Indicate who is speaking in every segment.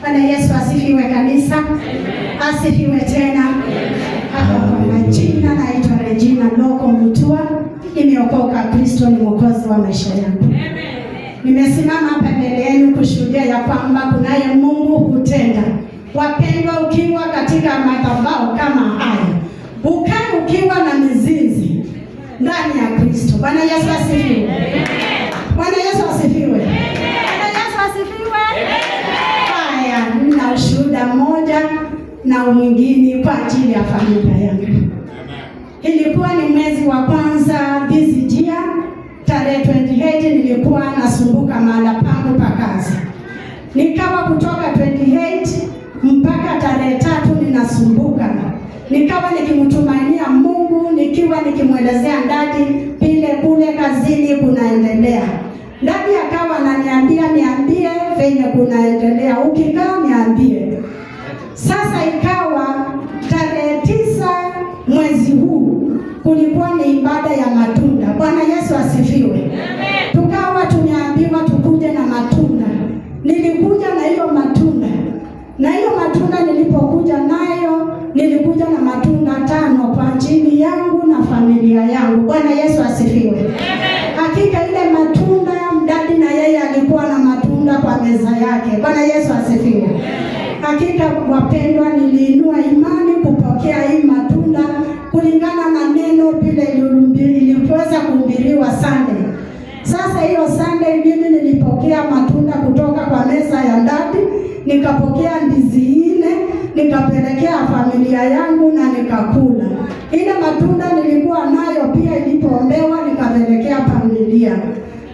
Speaker 1: Bwana Yesu asifiwe kabisa, asifiwe tena hapa. Kwa majina naitwa Regina Loko mtua nimeokoka. Kristo ni mwokozi wa maisha yangu. Nimesimama hapa mbele yenu kushuhudia ya kwamba kunaye Mungu hutenda. Wapendwa, ukiwa katika madhabahu kama haya, ukae ukiwa na mizizi ndani ya Kristo. Bwana Yesu asifiwe. Bwana Yesu asifiwe. na mwingine kwa ajili ya familia yangu. Ilikuwa ni mwezi wa kwanza this year, tarehe 28 nilikuwa nasumbuka mahala pangu pa kazi, nikawa kutoka 28 mpaka tarehe tatu ninasumbuka, nikawa nikimtumainia Mungu, nikiwa nikimwelezea ndadi pile kule kazini kunaendelea ndadi akawa ananiambia niambie venye kunaendelea, ukikaa niambie sasa ikawa tarehe tisa mwezi huu kulikuwa ni ibada ya matunda. Bwana Yesu asifiwe. Tukawa tumeambiwa tukuje na matunda, nilikuja na hiyo matunda, na hiyo matunda nilipokuja nayo nilikuja na matunda tano kwa ajili yangu na familia yangu. Bwana Yesu asifiwe. wapendwa, niliinua imani kupokea hii matunda kulingana na neno vile ilivyoweza kuhubiriwa Sunday. Sasa hiyo Sunday mimi nilipokea matunda kutoka kwa meza ya ndadi, nikapokea ndizi nne, nikapelekea familia yangu na nikakula. Ile matunda nilikuwa nayo pia ilipoombewa nikapelekea familia.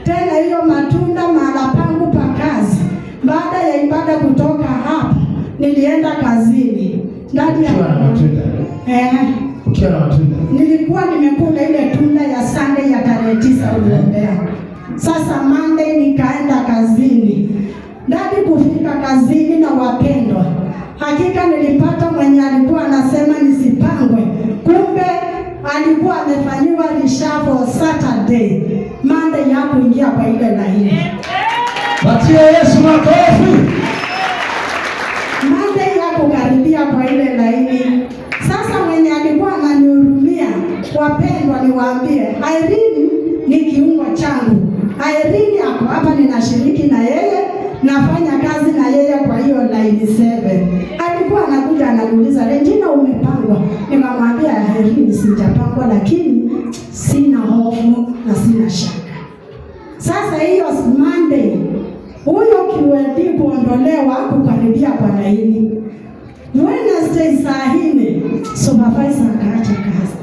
Speaker 1: Tena hiyo matunda mahala pangu pa kazi, baada ya ibada kutoka hapa nilienda kazini ndani ya eh, nilikuwa nimekula ile tunda ya Sunday ya tarehe tisa uliombea. Sasa Monday nikaenda kazini, ndadi kufika kazini na wapendwa, hakika nilipata mwenye alikuwa anasema nisipangwe, kumbe alikuwa amefanyiwa lishavo Saturday, Monday ya kuingia kwa ile laini.
Speaker 2: Patie Yesu makofi.
Speaker 1: niwaambie, Irene ni kiungo changu. Irene hapo hapa ninashiriki na yeye, nafanya kazi na yeye. Kwa hiyo line 7 alikuwa anakuja ananiuliza, Regina, umepangwa? Nikamwambia Irene, sijapangwa, lakini sina hofu na sina shaka. Sasa hiyo Monday huyo kiwedi kuondolewa kukaribia kwa laini. Wednesday saa nne supervisor akaacha kazi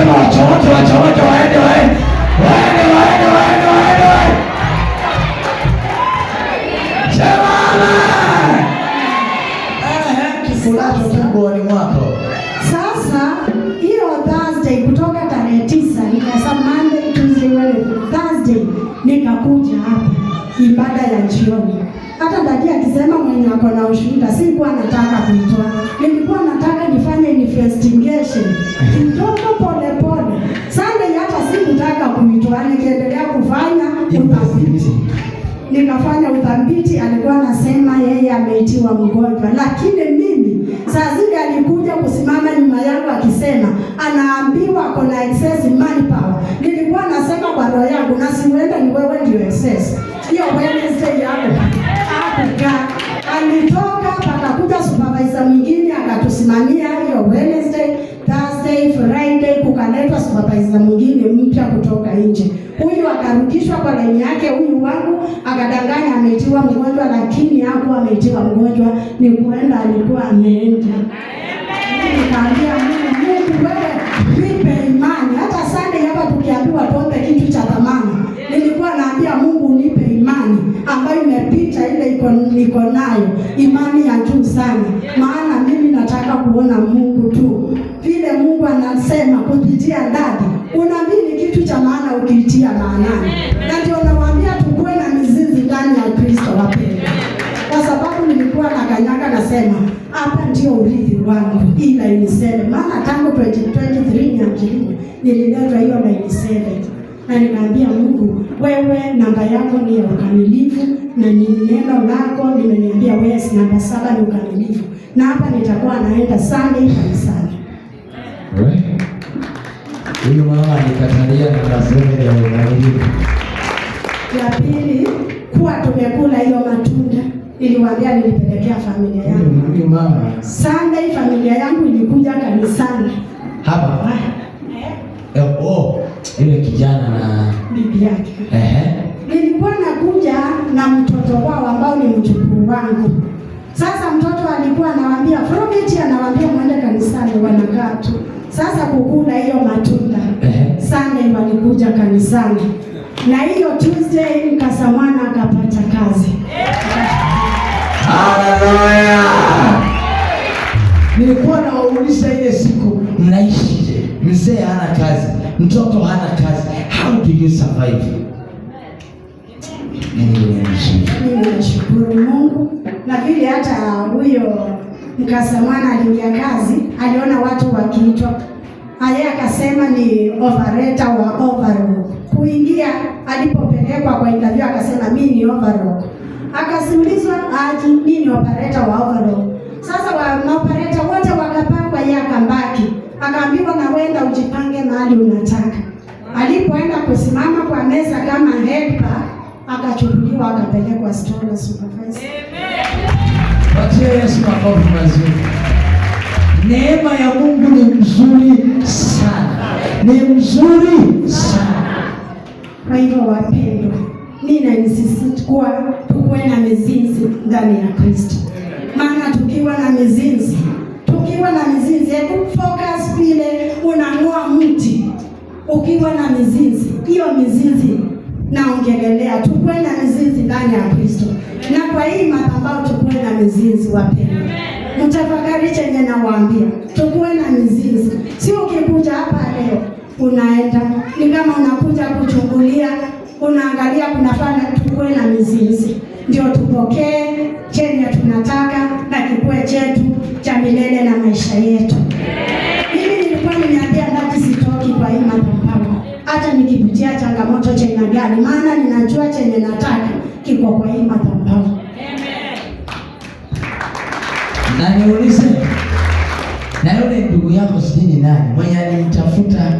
Speaker 2: Sema wacha wote, wacha wote, waende waende waende waende waende waende. Sema amen. Kifulacho tumboni mwako.
Speaker 1: Sasa hiyo Thursday kutoka tarehe tisa nikasema Monday, Tuesday, Wednesday, Thursday nikakuja hapa ibada ya jioni. Hata dakia akisema mwenye ako na ushuhuda, sikuwa nataka kuja thabiti alikuwa anasema yeye ameitiwa mgonjwa, lakini mimi saa zile alikuja kusimama nyuma yangu akisema anaambiwa ako na excess manpower. Nilikuwa nasema kwa roho yangu, na siwenda ni wewe ndio excess hiyo Wednesday yako hapo. alitoka pakakuja supervisor mwingine akatusimamia analetwa supervisor mwingine mpya kutoka nje. Huyu akarudishwa kwa laini yake, huyu wangu akadanganya ameitiwa mgonjwa, lakini hapo ameitiwa mgonjwa ni kuenda, alikuwa ameenda. Nikaambia Mungu, wewe vipe imani. Hata Sunday hapa tukiambiwa tuombe kitu cha thamani, nilikuwa naambia Mungu nipe imani ambayo imepita ile iko niko nayo, imani ya juu sana, maana mimi nataka kuona Mungu ukiitia ndani, unaamini kitu cha maana ukiitia maanani, na ndio nawaambia tukue na mizizi ndani ya Kristo wapendwa, kwa sababu nilikuwa na kanyaga nasema hapa ndio urithi wangu, hii 97 maana tangu 2023 niamjiliwa nililetwa hiyo 97 na ninaambia Mungu, wewe namba yako ni ya ukamilifu, na ni neno lako limeniambia wewe si namba saba ni ukamilifu, na hapa nitakuwa naenda Sunday kanisani.
Speaker 2: Huyu mama alikatalia na kaseme ya umailimu.
Speaker 1: Ya pili, kuwa tumekula hiyo matunda iliwaambia nilipelekea familia
Speaker 2: yangu. Huyu mama.
Speaker 1: Sunday familia yangu ilikuja kanisani.
Speaker 2: Hapa. Eh, eh oh, ile kijana na bibi yake. eh,
Speaker 1: Nilikuwa nakuja na mtoto wao ambao ni mjukuu wangu. Sasa mtoto alikuwa anawaambia, "Fromit anawaambia mwende kanisani wanakaa tu." Sasa kukuna hiyo matunda Sunday walikuja kanisani na hiyo Tuesday nikasamana akapata kazi.
Speaker 2: Haleluya! Nilikuwa nawaulisha ile siku, mnaishije? Mzee hana kazi, mtoto hana kazi, how do you survive? nashukuru Mungu
Speaker 1: na vile hata huyo Mkasamwana aliingia kazi, aliona watu wakiitwa aye, akasema ni overrated wa overall. Kuingia alipopelekwa kwa interview akasema mimi ni overall, akasimulizwa aji, mimi ni operator wa overall. Sasa wa operator wote wakapangwa, yeye akambaki, akaambiwa na wenda ujipange mahali unataka. Alipoenda kusimama kwa meza kama helper, akachukuliwa akapelekwa store supervisor. Amen.
Speaker 2: Patia Yesu makofi mazuri. Neema ya Mungu ni mzuri sana, ni mzuri sana.
Speaker 1: Kwa hivyo wapendwa, mi nanisisitiza kuwa tukuwe na mizizi ndani ya Kristo, maana tukiwa na mizizi, tukiwa na mizizi, hebu focus vile unang'oa mti ukiwa na mizizi, hiyo mizizi naongelelea, tukuwe na mizizi ndani ya Kristo na kwa hii mapambano tukuwe na mizizi wapendwa. Mtafakari chenye nawaambia, tukuwe na mizizi, sio ukikuja hapa leo unaenda ni kama unakuja kuchungulia, unaangalia kunafana Tukuwe na mizizi ndio tupokee chenye tunataka na kikuwe chetu cha milele na maisha yetu. hata nikipitia changamoto cha aina gani, maana ninajua chenye nataka kiko kwa hii madhabahu.
Speaker 2: Na niulize na yule ndugu yako sijui ni nani mwenye alimtafuta